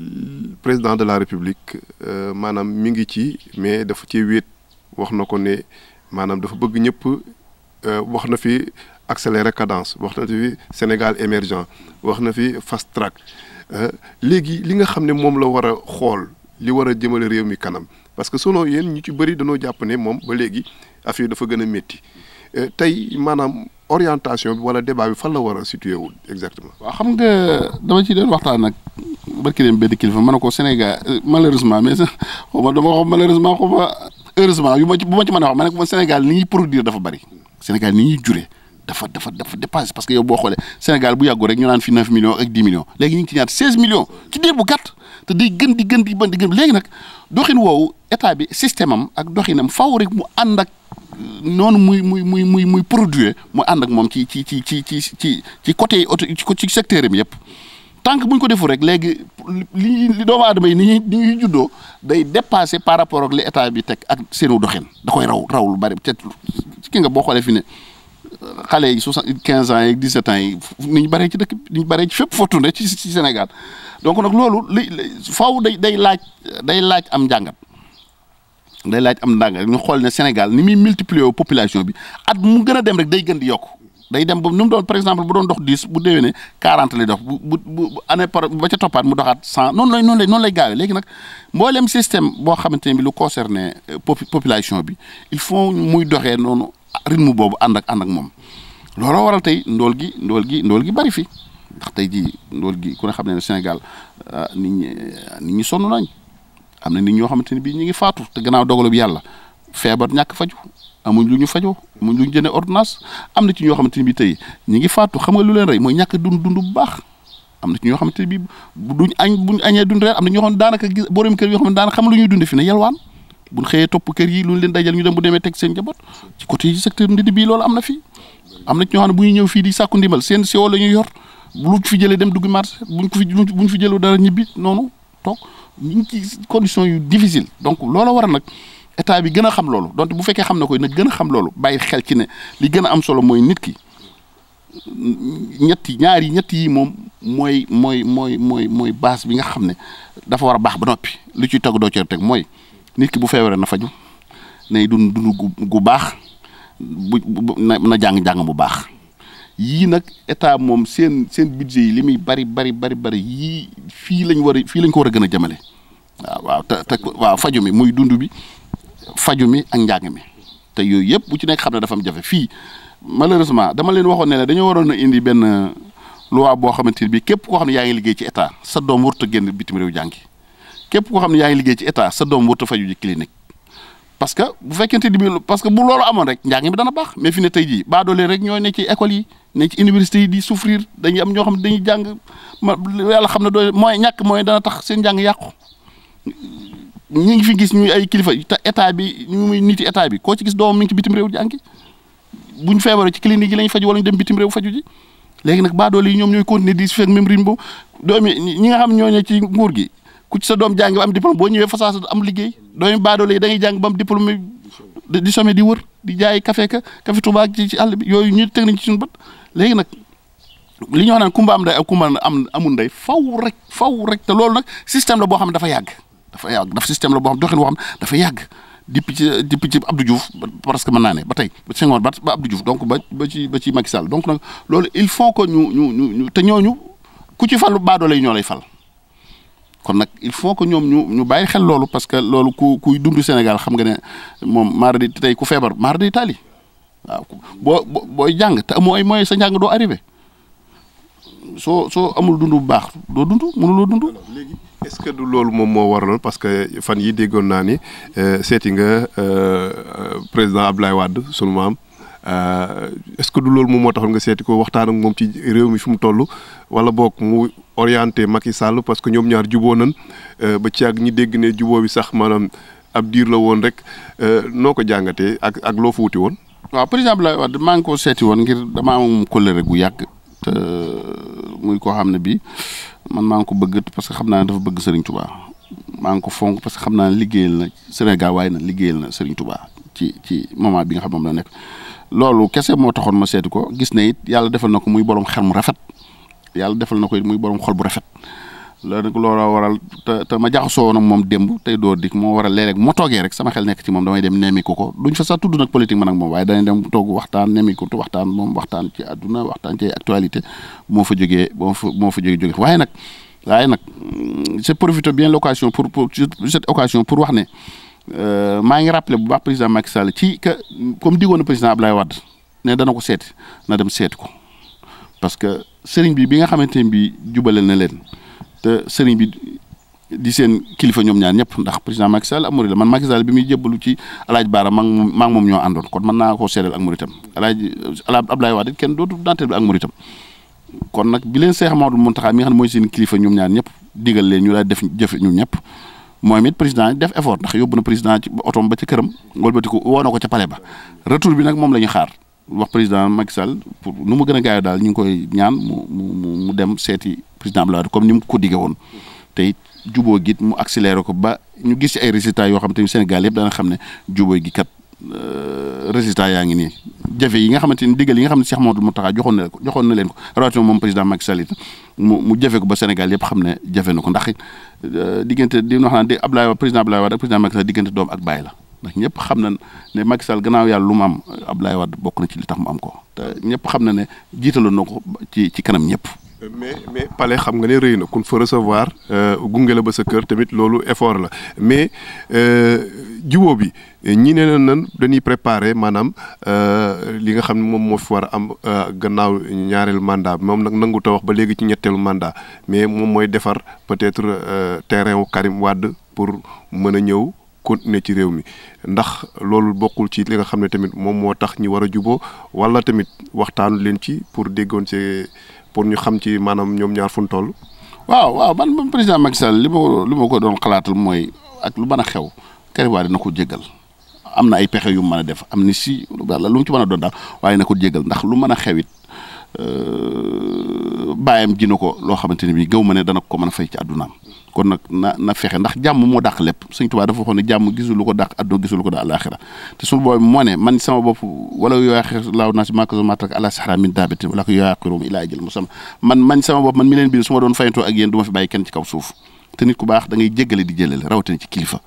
président de la république euh, maanaam mi ngi ci mais dafa ci wéet wax na ko ne maanaam dafa bëgg ñëpp wax na fi accélérer cadence wax na fi Sénégal émergent wax na fi fast track léegi li nga xam ne moom la war a xool li war a jëmale réew mi kanam parce que selon yéen ñu ci bëri dañoo jàpp ne moom ba léegi affaire dafa gën a métti tey maanaam orientation bi wala débat bi fan war a situé wul exactement. waaw xam nga dama ci doon waxtaan ak barki leen benn kilifa ma ne ko Sénégal euh, malheureusement mais sax xaw ma dama xaw malheureusement xaw ma heureusement bu ma ci mën a wax ma ne ko Sénégal ni ñuy produire dafa bari Sénégal ni ñuy dafa dafa dafa parce que yow boo Sénégal bu yàggu rek ñu naan fi 9 millions ak 10 millions léegi ñu ngi ci ñaata 16 millions ci bu gàtt. te day gën di gën di gën di léegi nag doxin woowu état bi système am ak doxinam faw rek mu ànd ak euh, noonu muy muy muy muy muy produire mu ànd ak moom ci ci ci ci ci ci ci côté auto ci secteur am yëpp tant que bu ñu ko deful rek léegi li li doomu aadama yi ni ñuy ni juddoo day dépassé par rapport ak li état bi teg ak seenu doxin da koy raw raw lu bari te ki nga boo xoolee fi ne. xale yi soixante quinze ans yeeg dix sept ans yi ni ñu baree ci dëkk ni ñu baree ci fépp foo tourné ci Sénégal donc nag loolu li faw day day laaj day laaj am njàngat day laaj am njàngat ñu xool ne Sénégal ni muy multiplier population bi at mu gën a dem rek day gën di yokk day dem ba nu mu doon par exemple bu doon dox dix bu déwénee quarante lay dox bu bu bu année par ba ca toppaat noonu lay noonu lay noonu lay léegi nag mboolem système boo xamante ne bi lu concerné euh, population bi il faut muy doxee noonu. rythme boobu ànd ak ànd ak moom looloo waral tey ndool gi ndool gi ndool gi bari fi ndax tey jii ndool gi ku ne xam ne Sénégal ah, nit ñi ah, nit ñi sonn nañ am na nit ñoo xamante ni bii ñu ngi faatu te gannaaw dogalu bi yàlla feebar ñàkk faju amuñ lu ñu fajoo amuñ lu ñu jëndee ordonnance am na ci ñoo xamante ni bii tey ñu ngi faatu xam nga lu leen rey mooy ñàkk dund dund bu baax am na ci ñoo xamante ni bii duñ añ buñ añee dund reer am na xam ne daanaka gis borom kër daanaka xam lu ñuy dund fi ne yelwaan bu ñu xëyee topp kër yi lu ñu leen dajal ñu dem bu demee teg seen njaboot ci côté secteur ndindi bi loolu am na fii am na ci ñoo ne bu ñu ñëw fii di sàkku ndimbal seen si la ñuy yor lu fi jëlee dem dugg marché buñ ko fi buñ fi jëloo dara ñibbi noonu toog ñu ngi ci condition yu difficile donc loola war a nag état bi gën a xam loolu donte bu fekkee xam ne koy nag gën a xam loolu bàyyi xel ci ne li gën a am solo mooy nit ki ñetti ñaari ñetti yi moom mooy mooy mooy mooy mooy base bi xam ne dafa war a baax ba noppi lu ciy togg doo ci teg mooy nit ki bu feebaree na faju nay dund dund gu baax bu na jàng-jàng bu baax yii nag état moom seen seen budget yi li muy bari bari bari bari yii fii lañ war fii lañ ko war a gën a jamale waaw waaw te te waaw faju mi muy dund bi faju mi ak njàng mi te yooyu yëpp bu ci nekk xam ne dafa am jafe fii malheureusement dama leen waxoon ne ne dañoo waroon a indi benn loi boo xamante ni bii képp koo xam ne yaa ngi liggéey ci état sa doom warut a génn bitim rewu jàngi képp koo xam ne yaa ngi liggéey ci état sa doom warut a faju ji clinique parce que bu fekkente ni bii parce que bu loolu amoon rek njàng mi dana baax mais fi ne tey jii baadoole rek ñooy ne ci école yi ne ci université yi di souffrir dañuy am ñoo ne dañuy jàng ma yàlla xam ne doo mooy ñàkk mooy dana tax seen njàng yàqu ñi ngi fi gis ñuy ay kilifa te état bi ñu muy niti état bi koo ci gis doomam mi ngi ci bitim réew jàngi buñ feebaree ci clinique yi lañ faj wala ñu dem bitim réew faju ji léegi nag baadoole yi ñoom ñooy continuer di su fekk même rythme boobu doomi ñi nga xam ñoo ne ci nguur gi ku ci sa doom jàngi ba am diplôme boo ñëwee fasaa am liggéey doomi baadoole yi dañuy jàng ba am diplôme di sommet di wër di jaay café ka café Touba ci àll bi yooyu ñu teg nañ léegi nag li ñoo naan kumba am ndey ak kumba am amul ndey faw rek faw rek te loolu nag système la boo xam ne dafa yàgg dafa yàgg dafa système la boo xam doxin dafa yàgg depuis ci depuis ci Abdou parce que mën naa ne ba tey ba Senghor ba Abdou Diouf donc ba ba ci ba ci Macky Sall donc nag loolu il faut que ñu ñu ñu te ñooñu ku ci falu baadoole yi ñoo lay fal kon nag il faut que ñoom ñu ñu bàyyi xel loolu parce que loolu ku kuy dund Sénégal xam nga ne moom mardi tey ku feebar mardi Italie waaw boo booy jàng te amoo ay moyens sa njàng doo arrivé soo soo amul dund bu baax doo dund loo dund. léegi est-ce que du loolu moom moo waraloon parce que fan yi déggoon naa ni euh, seeti nga euh, euh, président Abdoulaye Wade sunu maam. Euh, est-ce que du loolu moom moo taxoon nga seeti ko waxtaan ak moom ci réew mi fi mu toll wala book mu orienté Macky Sall parce que ñoom ñaar juboo nan euh, ba ci ak ñi dégg ne jubo bi sax maanaam ab diir la woon rek euh, noo ko jàngatee ak ak loo woon. waaw par exemple seeti woon ngir damaa moom kóllëre gu yàgg te muy koo xam ne bi man maa ngi ko bëgg parce que xam naa dafa bëgg Serigne Touba maa ngi ko fonk parce que xam naa liggéeyal na Sénégal waaye na liggéeyal na Serigne tubaa ci ci moment bi nga xam moom la nekk. loolu kese moo taxoon ma seeti ko gis na it yàlla defal na ko muy borom xel mu rafet yàlla defal na ko it muy borom xol bu rafet loolu nag a waral te te ma jaxasoo woon ak moom démb tey door dik moo waral léeg-léeg moo toogee rek sama xel nekk ci moom damay dem nemmiku ko duñ fa sax tudd nag politique man ak moom waaye dañuy dem toog waxtaan nemmiku tu waxtaan moom waxtaan ci àdduna waxtaan ci actualité moo fa jógee moo fa moo fa jógee jógee waaye nag waaye nag c'est profité bien l'occasion pour pour cette pour wax ne. Euh, maa ngi rappelé bu baax président Macky Sall ci comme digoon na président Ablaye Wade ne dana ko seeti na dem seet ko parce que sëriñ bi bi nga xamante ne bii jubale na leen te sëriñ bi di seen kilifa ñoom ñaar ñëpp ndax président Macky Sall ak man Macky Sall bi muy jébbalu ci alaaj Baara maa ngi maa moom ñoo àndoon kon mën naa koo seedal ak Mouride tam alaaj Ablaye Wade kenn dootu danteel ak Mouride tam kon nag bi leen Cheikh Mamadou Mountakha mi nga xam ne mooy seen kilifa ñoom ñaar ñëpp digal leen ñu daal def jëfe ñëpp. moom it président def effort ndax yóbbu na président ci otoom ba ci këram wëlbatiku woo na ko ca palais ba retour bi nag moom la ñu xaar wax président Macky Sall pour nu mu gën a gaayoo daal ñu ngi koy ñaan mu dem seeti président Abdoulaye comme ni mu ko diggee woon tey it jubóo gi mu accéléré ko ba ñu gis ci ay résultats yoo xam te ni Sénégal yëpp dana xam ne jubo gi kat Euh, résultat yaa ngi nii jafe yi nga xamante ni digal yi nga xam ne Cheikh Mamadou Mountakha joxoon na ko joxoon na leen ko rawatina moom président Macky Sall it mu mu jafe ko ba Sénégal yëpp xam ne jafe na ko ndax euh, diggante di wax naan di Abdoulaye président Abdoulaye Wade ak président Macky Sall diggante doom ak baay la ndax ñëpp xam na ne Macky Sall gannaaw yàlla lu mu am Abdoulaye Wade bokk na ci li tax mu am ko te ñëpp xam na ne jiitaloon na ko ci ci kanam ñëpp. mais mais palais xam nga ne rëy na kun fa recevoir euh, gunge la ba sa kër tamit loolu effort la mais euh, jubóo bi ñi ne nan dañuy préparer maanaam euh, li nga xam ne moom moo fi war a am gannaaw ñaareel mandat moom nag nangu wax ba léegi ci ñetteelu mandat mais moom mooy defar peut-être terrain wu Karim Wade pour mën a ñëw continuer ci réew mi ndax loolu bokkul ci li nga xam ne tamit moom moo tax ñi war a jubóo walla tamit waxtaanu leen ci pour déggoon see pour ñu xam ci maanaam ñoom ñaar fu ñu toll. waaw waaw man man président Macky Sall li ma li ma ko doon xalaatal mooy ak lu mën a xew Karim di na ko jéggal am na ay pexe yu mën a def am ni si yàlla lu mu ci mën a doon daal waaye na ko jéggal ndax lu mën a xewit euh, bàyyam ji na ko loo xamante ni bi gëw ma ne dana ko mën a fay ci àddunaam kon nag na na fexe ndax jàmm moo dàq lépp Sëñ Tuubaa dafa waxoon ne jàmm gisul ko dàq àdduna gisulu ko dàq àlaaxira te su boobu moo man sama bopp wala yooyaaxe laaw naa si maakasu matrak ala sahra min daabati wala man man sama bopp man mi leen biir doon fayantoo ak yéen du ma fi bàyyi ci kaw suuf te nit ku baax da ngay jéggale di jëlale rawatina ci kilifa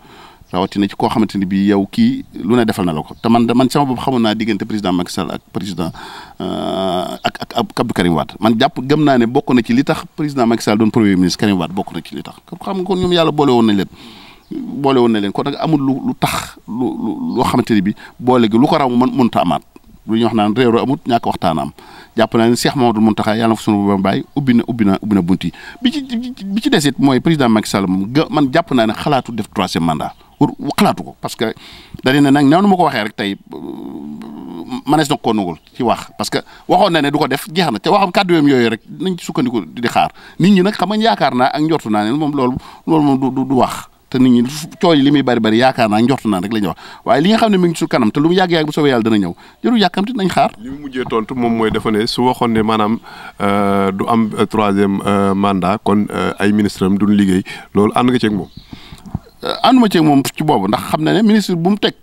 rawatina ci koo xamante ni bii yow kii lu ne defal na la ko te man man sama boobu xamoon naa diggante président Macky Sall ak président euh, ak ak man jàpp gëm naa ne bokk na ci li tax président Macky Sall doon premier bokk na ci li tax xam nga kon boole woon nañ leen. boole na leen kon nag amul lu lu tax lu lu ni bi boole gi lu ko raw mën mënta amaat lu ñuy wax naan réeroo amut ñàkk waxtaan am jàpp naa ne Cheikh Mamadou Mountakha yàlla na fa sunu ba na ubbi na ubbi na bunt ci bi ci des mooy président Macky Sall moom man jàpp naa ne xalaatu def troisième mandat pour xalaatu ko parce que dañu ne nag noonu ma ko waxee rek tey manees na ko nugul ci wax parce que waxoon na ne du ko def jeex na te waxam kàddu yam yooyu rek nañ ci sukkandiku di xaar nit ñi nag xam nga yaakaar naa ak njortu naa ne moom loolu loolu moom du du wax. te nit ñi cooy li muy bari bari yaakaar naa njort naa rek la ñuy wax waaye li nga xam ne mi ngi su kanam te lu mu yàgg-yàgg bu soobee yàlla dana ñëw jëru yàkkamti nañ xaar li mu mujjee tontu moom mooy dafa su waxoon ne maanaam euh, du am euh, troisième euh, mandat kon ay ministre am du liggéey loolu ànd nga ceeg moom Euh, ànduma ci moom ci boobu ndax xam na ne ministre bu mu teg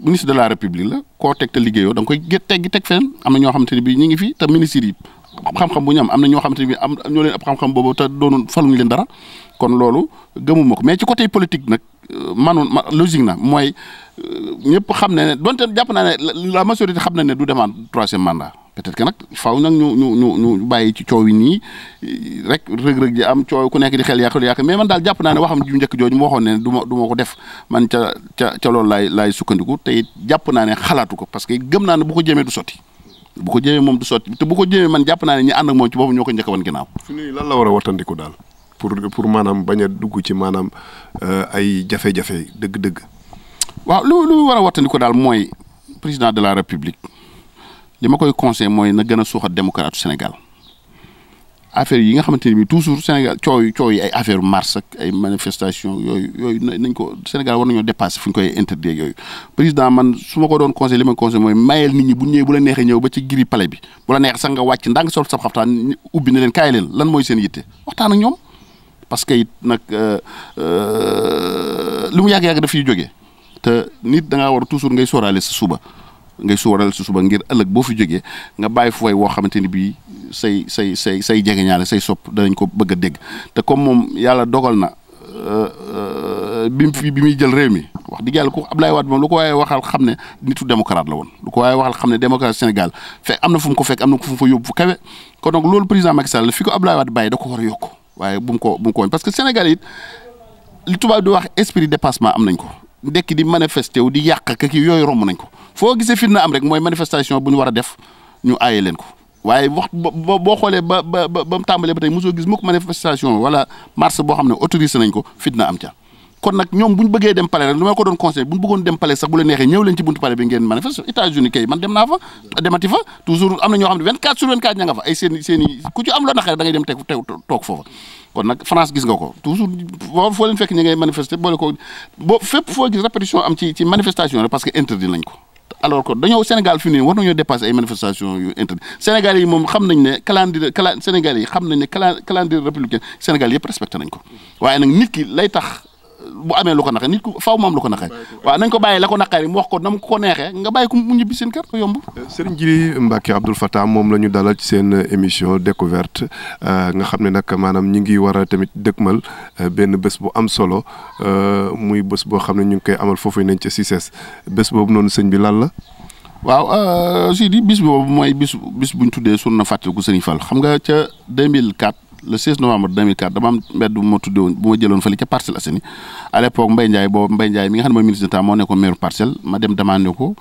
ministre de la république la koo teg te liggéeyoo da nga koy teggi teg feneen am na ñoo xamante ne bii ñu ngi fi te ministre yi xam-xam am am na ñoo xamante ne bii am ñoo leen ab xam-xam boobu te doonu faluñu leen dara kon loolu gëmuma ko mais ci côté politique nag euh, manoon logique na mooy euh, ñëpp xam na ne donte jàpp naa ne la majorité xam na ne du demaat troisième mandat. peut-être que nag faaw nag ñu ñu ñu ñu bàyyi ci coow yi nii rek rëg-rëg ji am coow ku nekk di xel yàqu yàq mais man daal jàpp naa ne waxam ju njëkk jooju mu waxoon ne du ma du ko def man ca ca ca loolu laay sukkandiku te it jàpp naa ne xalaatu ko parce que gëm naa ne bu ko jëmee du sotti bu ko jëmee moom du sotti te bu ko jëmee man jàpp naa ne ñi ànd ak moom ci boppam ñoo ko njëkk wan ginnaaw su ne lan la war a wattandiku daal pour pour maanaam bañ a dugg ci maanaam euh, ay jafe-jafe dëgg-dëgg waaw lu war a wattandiku daal mooy président de la république li ma koy conseil mooy na gën a suuxat démocrate Sénégal affaire yi nga xamante ne bii toujours Sénégal coow yi coow ay affaire mars ak ay manifestation yooyu yooyu nañ ko Sénégal war nañoo dépassé fu ñu koy interdire yooyu président man su ma ko doon conseil li ma conseil mooy mayel nit ñi bu ñëwee bu la neexee ñëw ba ci giri palais bi bu la neex sax nga wàcc ndaa nga sol sa xaftaan ubbi ne leen kaay leen lan mooy seen yitte waxtaan ak ñoom parce que it nag euh, euh, lu mu yàgg-yàgg daf fiy jógee te nit da ngaa war toujours ngay sóoraale sa suba ngay suural su suba ngir ëllëg boo fi jógee nga bàyyi fu way woo xamante ni bii say say say say jegeñaale say sopp danañ ko bëgg a dégg te comme moom yàlla dogal na euh, euh, bi mu fi bi muy jël réew mi wax dëgg yàlla ku Ablaye Wade moom lu ko waaye waxal xam ne nitu démocrate la woon lu ko waaye xam ne démocrate Sénégal fekk am na fu ko fekk am na fu mu yóbbu fu kawe kon donc loolu président Macky Sall fi ko Ablaye Wade bàyyi da ko war a yokk waaye bu mu ko bu mu ko woon parce que Sénégal it li tubaab di wax esprit dépassement am nañ ko dekk di manifester wu di yàq ak yooyu romb nañ ko foo gisee fitna am rek mooy manifestation bu ñu war def ñu aaye leen ko waaye wax boo boo xoolee ba ba ba ba tey mosoo gis mukk manifestation wala marche boo xam ne autorisé nañ ko fitna am ca. kon nag ñoom bu ñu bëggee dem palais rek lu ko doon conseil bu ñu dem palais sax bu la neexee ñëw leen ci buntu palais bi ngeen manifeste états dem naa fa demati fa toujours am na ñoo xam ne 24 sur 24 ña dem teg kon nag France gis nga ko toujours boo foo leen fekk ñi ngay manifester boole ko boo fépp foo gis répétition am ci ci manifestation rek parce que interdit nañ ko alors que dañoo Sénégal fi nii war nañoo dépasser ay manifestation yu interdit Sénégal yi moom xam nañ ne calendrier cala Sénégal yi xam nañ ne calendrier républicain Sénégal yëpp respecté nañ ko waaye nag nit ki lay tax. bu amee lu ko naqari nit ku faaw mu am lu ko naqari waaw nañ ko bàyyi la ko naqari mu wax ko nam ko neexee nga bàyyi ko mu ñibbi seen kër ko yomb Serigne Djily Mbacké Abdoul Fatah moom la ñu dalal ci seen émission découverte euh, nga xam ne nag maanaam ñi ngi war a tamit dëkkmal euh, benn bés bu am solo euh, muy bés boo xam ne ñu ngi koy amal foofu nañ ca CICES bés boobu noonu sëñ bi lan la waaw aussi di bis boobu mooy bis bu buñ tuddee su na fàttaliku Serigne Fall xam nga ca 2004 le 16 novembre 2004 dama am mbedd bu ma tuddee woon bu ma jëloon fële ca Parcelles Assainies à l'époque Mbaye Ndiaye boobu nga xam ne mooy ministre d'État moo nekkoon maire parcelle ma dem demandé ko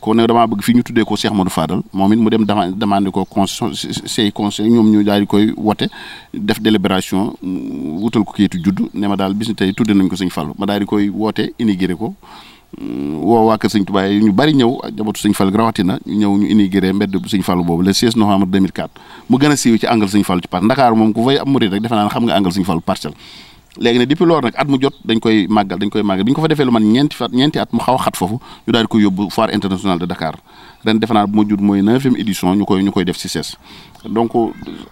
ko ne damaa bëgg fi ñu tuddee ko Cheikh Modou Fadal moo it mu dem demandé ko constitution say conseil ñoom ñu daal di koy woote def délibération wutal ko kayitu juddu ne ma daal bis tey tudde nañ ko Sëñ Fallou ma daal di koy woote inauguré ko woo waa kër sëñ Tuubaa yi ñu bari ñëw a njabootu sëñ Fall rawatina ñu ñëw ñu inauguré mbedd sëñ Fall boobu le 16 novembre 2004 mu gën a siiw ci angle sëñ Fall ci par Ndakaar moom ku fay am murid rek xam nga angle sëñ Fall parcelle léegi nag depuis loolu nag at mu jot dañ koy màggal dañ koy màggal bi ñu ko fa defee lu man ñeenti fa ñeenti at mu xaw a xat foofu ñu daal di koy yóbbu foire internationale de Dakar ren defe naa bu ma jur mooy neuvième édition ñu koy ñu koy def si ses donc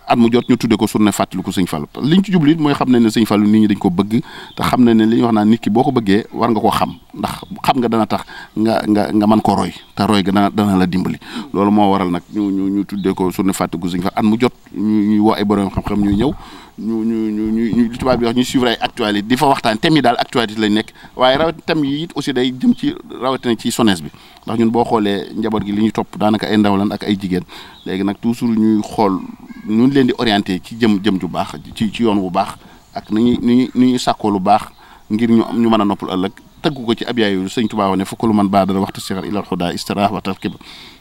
at mu jot ñu tuddee ko surne fàttali ko sëñ Fallou liñ ci jublu it mooy xam nañ ne sëñ Fallou nit ñi dañ ko bëgg te xam nañ ne li ñuy wax naan nit ki boo ko bëggee war nga ko xam ndax xam nga dana tax nga nga nga mën ko roy te roy ga dana dana la dimbali loolu moo waral nag ñu ñu ñu tuddee ko surne fàttali ko sëñ Fallou at mu jot ñu ñuy woo ay borom xam-xam ñuy ñëw ñu ñu ñu ñu ñu li tubaab bi wax ñu suivre ay actualité di fa waxtaan thème yi daal actualité lañ nekk waaye rawat thème yi it aussi day jëm ci rawatina ci jeunesse bi ndax ñun boo xoolee njaboot gi li ñu topp daanaka ay ndaw lan ak ay jigéen léegi nag toujours ñuy xool ñun leen di orienté ci jëm jëm ju baax ci ci yoon bu baax ak ni ñuy ni ñuy ni ñuy sàkkoo lu baax ngir ñu am ñu mën a noppal ëllëg tëggu ko ci ab yaayu sëñ Tuubaa ne fukk lu man baa dara waxtu sixar ilal xudaa istiraax wa tarkib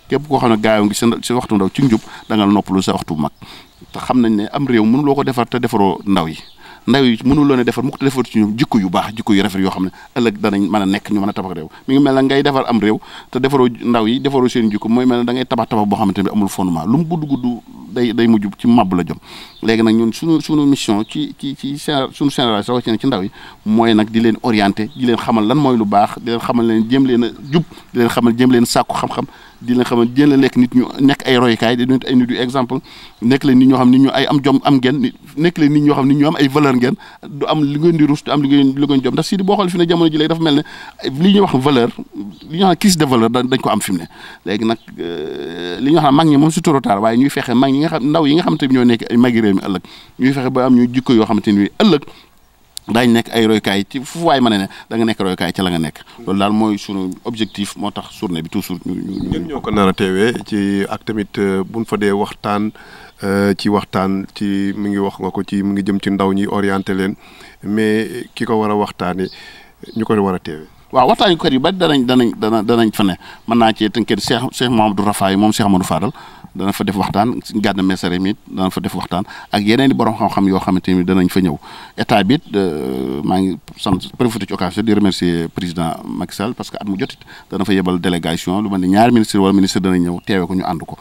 képp koo xam ne gaayoo ngi si waxtu ndaw ci njub da nga noppalu sa waxtu mag te xam nañ ne am réew mënuloo ko defar te defaroo ndaw yi ndaw yi mënuloo ne defar mu ko te yu baax jikko yu rafet yoo xam ne ëllëg danañ mën nekk ñu mën a tabax réew mi ngi mel na ngay defar am réew te defaroo ndaw yi defaroo seen jikko mooy mel ne da ngay tabax tabax boo xamante ne amul fondement lu mu gudd gudd day day mujj ci màbb la jom léegi nag ñun suñu suñu mission ci ci ci suñu génération ci ci ndaw yi mooy nag di leen orienté di leen xamal lan mooy lu baax di leen xamal leen jéem leen a jub leen xamal jéem leen sàkku xam di leen xamal di leen nit ñu nekk ay royukaay di nekk ay nit yu exemple nekk leen nit ñoo xam nit ñu ay am jom am ngeen nekk leen nit ñoo xam nit ñu am ay valeur ngeen du am li ngeen di rus du am li ngeen li ngeen jom ndax si di boo xool fi ne jamono ji léegi dafa mel ne li ñuy wax valeur li ñuy wax crise de valeur dañ ko am fi mu ne léegi nag euh, li ñuy wax mag ñi moom c'est ñuy fexe mag ñi nga xam ndaw yi nga xam te ñoo nekk ay magi réew mi ëllëg ñuy fexe ba am ñu jikko yoo xamante ni ëllëg daañu nekk ay roykaay ci fu waay mën a ne da nga nekk roykaay ca la nga nekk. loolu daal mooy sunu objectif moo tax surne bi toujours ñu ñu. ñoo ko nar teewee ci ak tamit euh, buñ fa dee waxtaan euh, ci waxtaan ci mi ngi wax nga ko ci mu ngi jëm ci ndaw ñi orienté leen mais ki ko war a waxtaanee ñu ko war a teewee. waaw waxtaan yu kër yu bari danañ danañ danañ danañ fa ne mën naa cee tënkee Cheikh Cheikh Mouhamadou Rafaay moom Cheikh Amadou Fadal. dana fa def waxtaan gànn mesare mi dana fa def waxtaan ak yeneen i borom xam-xam yoo xamante ni danañ fa ñëw état bi it euh, maa ngi sant profité ci occasion di remercier président Macky Sall parce que at mu jotit dana fa yebal délégation lu mel ni ñaari ministre wala ministre danañ ñëw teewe ko ñu ànd ko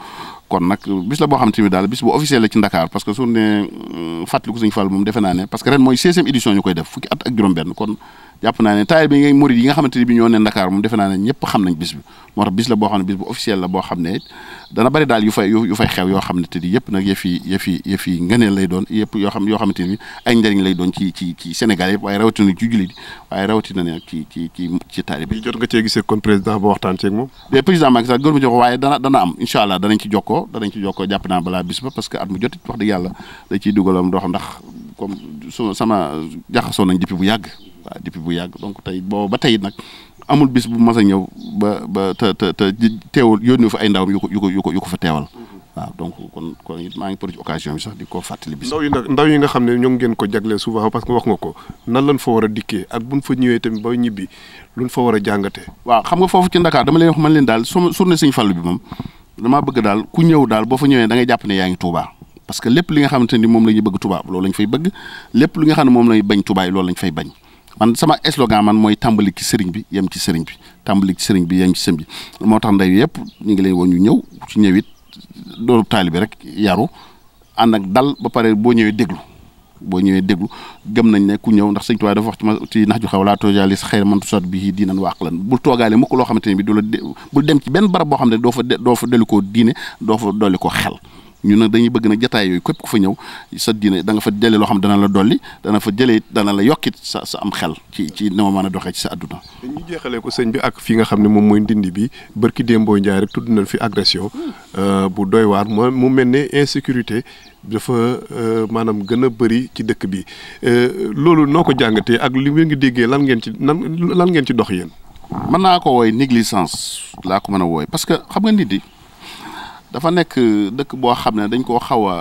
kon nag euh, bis la boo xamante ni daal bis bu officiel ci Ndakaar parce que su ne euh, fàttaliku Sëñ Fall moom defe naa ne parce que ren mooy 16e édition ñu koy def fukki at ak juróom jàpp naa ne taalibe yi murid yi nga xamante ne bi ñoo ne Ndakaar moom defe naa ne ñëpp xam nañ bis bi moo tax bis la boo xam ne bis bu officiel la boo xam ne dana bari yoo xam ne di yoo xamante ne bi ay njëriñ lay doon ci ci ci Sénégal yëpp waaye rawatina ci jullit waaye rawatina ne ci ci ci ci taalibe yi jot nga cee gisee kon président ba waxtaan ceeg moom de président Macky Sall gërëm ci wax waaye dana dana am incha ci jokkoo danañ bis ba parce que at mu jotit wax dëgg yàlla da doo xam ndax comme su sama jaxasoo nañ depuis bu yàgg waaw depuis bu yàgg donc tey booba ba tey nag amul bis bu mas a ñëw ba ba te te te teewul yónni fa ay ko yu fa teewal. waaw donc kon kon ngi pour occasion bi sax di ko fàttali bis. ndaw yi ndaw nga xam ne ñoom ngeen ko jagleel souvent parce que wax nga ko nan lañ fa war a dikkee ak buñ fa ñëwee tamit ba ñibbi luñ fa war a jàngate waaw xam nga foofu ci Ndakaar dama leen wax man leen daal su ma suñu Sëñ Fallu bi moom damaa bëgg daal ku ñëw daal boo fa ñëwee da ngay jàpp ne yaa ngi Tuubaa parce que lépp li nga xamante ni moom la ñuy bëgg tubaab loolu lañ fay bëgg lépp li nga xam ne moom lañuy bañ tubaay loolu lañ fay bañ man sama slogan man mooy tàmbali ci sëriñ bi yem ci sëriñ bi tàmbali ci sëriñ bi yem ci sëriñ bi moo tax nday yëpp ñu ngi leen woon ñu ñëw ci ñëw it doolu taalibe rek yaru ànd ak dal ba pare boo ñëwee déglu boo ñëwee déglu gëm nañ ne ku ñëw ndax sëñ Tuubaa dafa wax ci ma xaw laa toojaali sa xëy man sot bi diinan wax lan bul toogaale mukk loo xamante ne bi du la bul dem ci benn barab boo xam ne doo fa doo fa dolli koo diine doo fa dolli ko xel ñu nag dañuy bëgg nag jataay yooyu képp ku fa ñëw sa diine danga nga fa jëlee loo xam dana la dolli dana fa jëlee dana la yokkit sa sa am xel ci ci ni ma a doxee ci sa adduna dañuy jeexalee ko sëñ bi ak fi nga xam ne moom mooy ndindi bi bërki démboo njaay rek tudd na nañ fi agression hmm. euh, bu doy waar mu mel ne insécurité dafa euh, maanaam gën a bëri ci dëkk bi euh, loolu noo ko jàngatee ak li ngeen ngi déggee lan ngeen ci lan ngeen ci dox yéen mën naa ko wooy négligence laa ko mën a wooy parce que xam dafa nekk dëkk boo xam ne dañ koo xaw a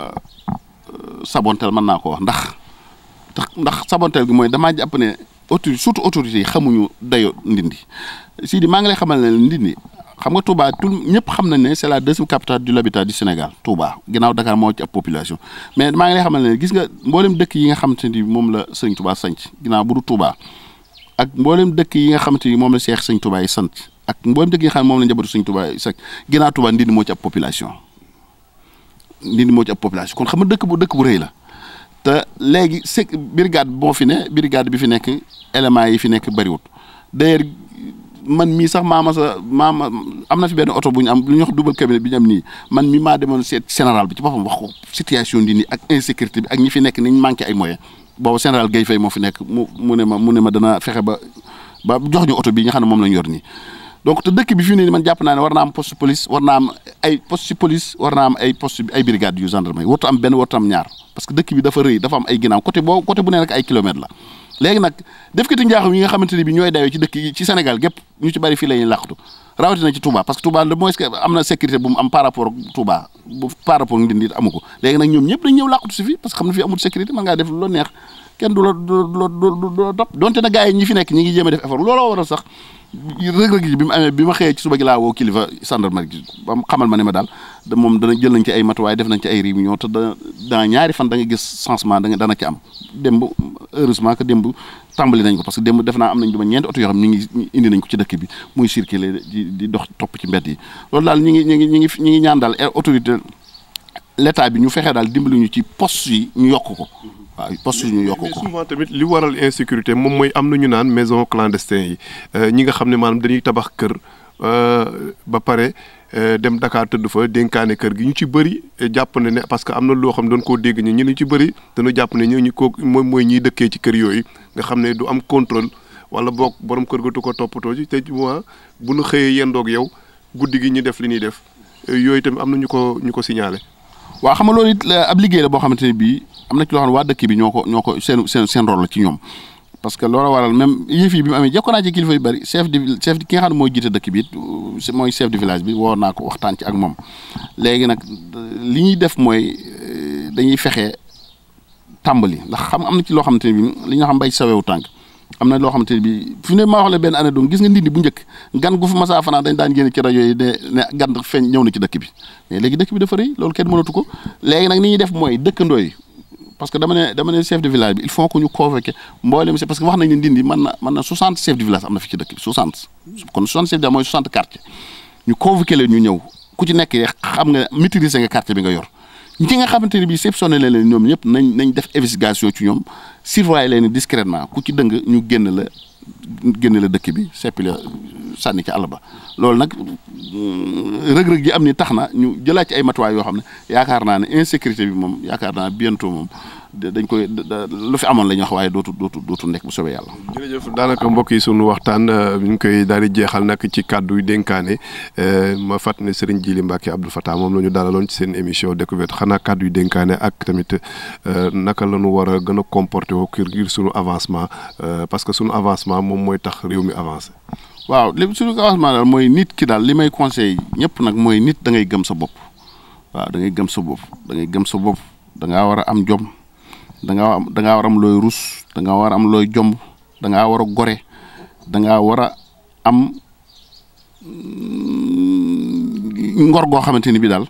euh, sabonteel mën naa ko wax ndax ndax sabonteel gi mooy damaa jàpp ne autorité surtout autorités yi xamuñu dayo ndindi si di maa ngi lay xamal ne ndindi xam nga Touba tout ñëpp xam nañ ne c'est la deuxième capital de l'habitat du Sénégal Touba ginnaaw Dakar moo ci population mais maa ngi lay xamal ne gis nga mboolem dëkk yi nga xamante ni moom la sëñ Touba sanc ginnaaw bu du Touba ak mboolem dëkk yi nga xamante ni moom la Cheikh sëñ Touba yi ak mboolem dëkk yi xam moom la njabootu Sëñ Tuubaa sax ginnaaw Tuubaa Ndindi moo ci ab population Ndindi moo ci ab population kon xam nga dëkk bu dëkk bu rëy la te léegi sec brigade boo fi ne brigade bi fi nekk éléments yi fi nekk bëriwut d'ailleurs man mii sax maama sa maama am na fi benn oto bu ñu am lu ñuy wax double cabinet bi ñu am nii man mi maa demoon seet général bi ci boppam wax ko situation Ndindi ak insécurité bi ak ñi fi nekk niñ manqué ay moyens boobu général Guèye Faye moo fi nekk mu mu ne ma mu ne ma dana fexe ba ba jox ñu oto bi nga xam ne moom la ñu yor nii donc te dëkk bi fi nii man jàpp naa ne war naa am poste police war naa am ay poste police war naa am ay poste brigade yu gendarmerie warut am benn warut am ñaar parce que dëkk bi dafa rëy dafa am ay ginnaaw côté boo côté bu ne ay kilomètres la léegi nag def kati njaaxum yi nga xamante ne bi ñooy dayoo ci dëkk yi ci Sénégal gépp ñu ci bëri fii la ñuy làqatu rawatina ci Touba parce que Touba le moins que am na sécurité bu am par rapport ak bu par rapport ak Ndindi amu ko léegi nag ñoom ñëpp dañ ñëw làqatu si fii parce que xam ne fii ñi fi nekk ngi jéem a def effort looloo rëg-rëg ji bi mu amee bi ma xëyee suba gi laa woo kilifa sandarma gi ba xamal ma ne ma daal moom dana jël nañ ci ay matuwaay def nañ ci ay réunion te da dans ñaari fan da nga gis changement da nga dana ci am démb heureusement que démb tàmbali nañ ko parce que démb def naa am nañ dama ñeenti oto yoo xam ñu ngi indi nañ ngi ñaan daal eh, autorité l'état bi ñu fexe daal dimbali ñu ci post yi ñu yokk ko waaw poste yi ñu yokk tamit li waral insécurité moom mooy am na ñu naan maison clandestin yi euh, ñi nga xam ne maanaam dañuy tabax kër euh, ba pare euh, dem Dakar tëdd fa dénkaane kër gi ñu ci bëri jàpp na ne parce que am na loo xam ne doon koo dégg ñi ñu ci bëri dañu jàpp ne ñu ko moom mooy ñiy dëkkee ci kër yooyu nga xam ne du am contrôle wala boog boroom kër ga du ko toppatoo ci te mois bu nu xëyee yendoog yow guddi gi ñu def li ñuy def yooyu tamit am na ñu ko ñu ko signalé waa xam nga loolu it euh, ab liggéey la boo xamante ne bii am na ci loo xam ne waa dëkk bi ñoo ko ñoo ko seen seen seen la ci ñoom parce que loolu waral même yëf yi bi mu amee jokkoon naa ci kilifa yu bari chef de chef ki nga xam ne mooy jiite dëkk bi it euh, mooy chef de village bi woo naa ko waxtaan ci ak moom léegi nag li ñuy def mooy euh, dañuy fexe tàmbali ndax xam am na ci loo xamante ne bi li ñoo xam mbay sawewu tànk am na loo xamante ne bii fi ne maa wax la benn année doom gis nga ndindi bu njëkk gan gu fi masaa fanaan dañ daan génn ci rajo ne gan feeñ ñëw na ci dëkk bi mais léegi dëkk bi dafa loolu kenn mënatu ko léegi nag ni ñuy def mooy dëkkandoo yi parce que dama ne dama ne chef de village bi il faut que ñu convoqué mboolem si parce que wax nañ ne ndindi mën na mën chef de village am na fi ci dëkk bi 60 kon 60 chef de village mooy 60 quartier ñu convoqué ñëw ku ci nekk xam nga maîtriser nga bi nga yor ñi nga xamante ne bii soupçonné la leen ñoom ñëpp nañ nañ def investigation ci ñoom surveiller leen discrètement ku ci dëng ñu génn la génn la dëkk bi seppi sànni ci àll ba loolu nag mm, rëg-rëg yi am ni tax na ñu jëlaat ci ay matuwaay yoo xam ne yaakaar naa ne insécurité bi moom yaakaar naa bientôt moom dañ koy lu fi amoon la ñuy wax waaye dootu dootu dootu nekk bu soobee yàlla. jërëjëf daanaka mbokk yi sunu waxtaan euh, ñu koy daal di jeexal nag ci kàddu yu dénkaane euh, ma fàttali ne jiili Djily Mbacke Abdou Fatah moom la ñu dalaloon ci seen émission découverte xanaa kàddu yu dénkaane ak tamit euh, naka la ñu war a gën a comporté woo ngir sunu avancement parce que sunu avancement moom mooy tax réew mi avancé. waaw li suñu avancement daal mooy nit ki daal li may conseil ñëpp nag mooy nit da ngay gëm sa bopp waaw da ngay gëm sa bopp dangay gëm sa bopp da war a am jom da ngaa war a am looy rus danga war a am looy jomb da war a gore da war a am mm, ngor goo xamante ni bi daal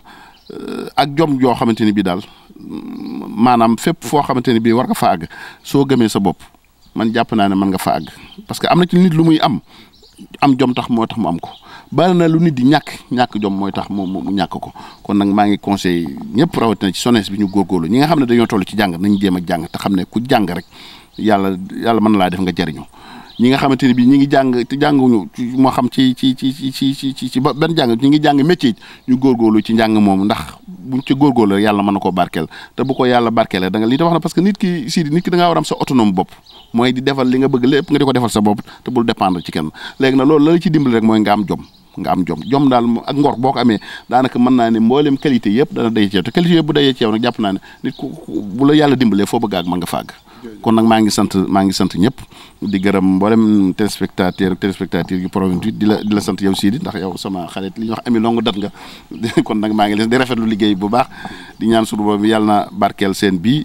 euh, ak jom joo xamante ni bi daal mm, maanaam fépp foo xamante ni bi war nga fa àgg soo gëmee sa bopp man jàpp naa ne mën nga fa àgg parce que am na ci nit lu muy am am jom tax moo tax mu am ko bari na lu nit di ñàkk ñàkk jom mooy tax mu mu ñàkk ko kon nag maa ngi conseil ñëpp rawatina ci sones bi ñu góorgóorlu ñi nga xam ne dañoo toll ci jàng nañ jéem a jàng te xam ne ku jàng rek yàlla yàlla mën na laa def nga jariñu ñi nga xamante ne bii ñi ngi jàng te jànguñu moo xam ci ci ci ci ci ci ba benn jàng ñi ngi jàng métier ñu góorgóorlu ci njàng moomu ndax buñ ci góorgóorlu yàlla mën na koo barkeel te bu ko yàlla barkeele da nga li parce que nit ki si nit ki bopp mooy di defal li nga bëgg lépp nga di ko defal sa bopp te bu dépendre ci kenn léegi na loolu la la ci dimbali rek mooy nga am jom nga am jom jom daal ak ngor boo ko amee daanaka mën naa ne mboolem qualité yëpp dana daje ci yow te qualité yëpp bu dajee ci nag jàpp naa ne nit ku bu la yàlla dimbalee foo bëgg ak kon nag maa ngi sant maa ngi sant ñëpp di gërëm mboolem téléspectateur téléspectateur yu Pro 28 di la di la sant yow Sidi ndax yow sama xarit li ñuy wax ami longu dat nga kon nag maa ngi leen di rafetlu liggéey bu baax di ñaan suñu boobu yàlla na barkeel seen bi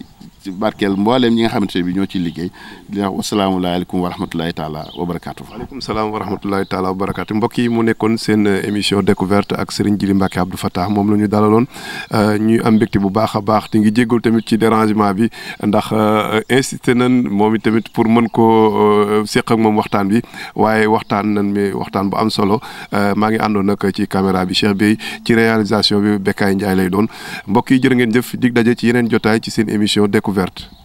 barkeel mbooleem ñi nga xamante ne bi ñoo ci liggéey di wax wasalaamualeykum wa rahmatulahi taala wa barakaatu. waaleykum salaam wa rahmatulahi taala wa barakaatu mbokk yi mu nekkoon seen euh, émission découverte ak Serigne Djily Mbacke Abdou Fatah moom la ñu dalaloon euh, ñuy am mbégte bu baax a baax te ngi jéggul tamit ci dérangement bi ndax euh, insisté nañ moom it tamit pour mën ko seq moom waxtaan bi waaye waxtaan nañ mi waxtaan bu am solo maa ngi àndoon nag ci caméra bi Cheikh Bey ci réalisation bi Bekkaay Ndiaye lay doon mbokk yi jërë ngeen jëf dig daje ci yeneen jotaay ci seen émission découverte découverte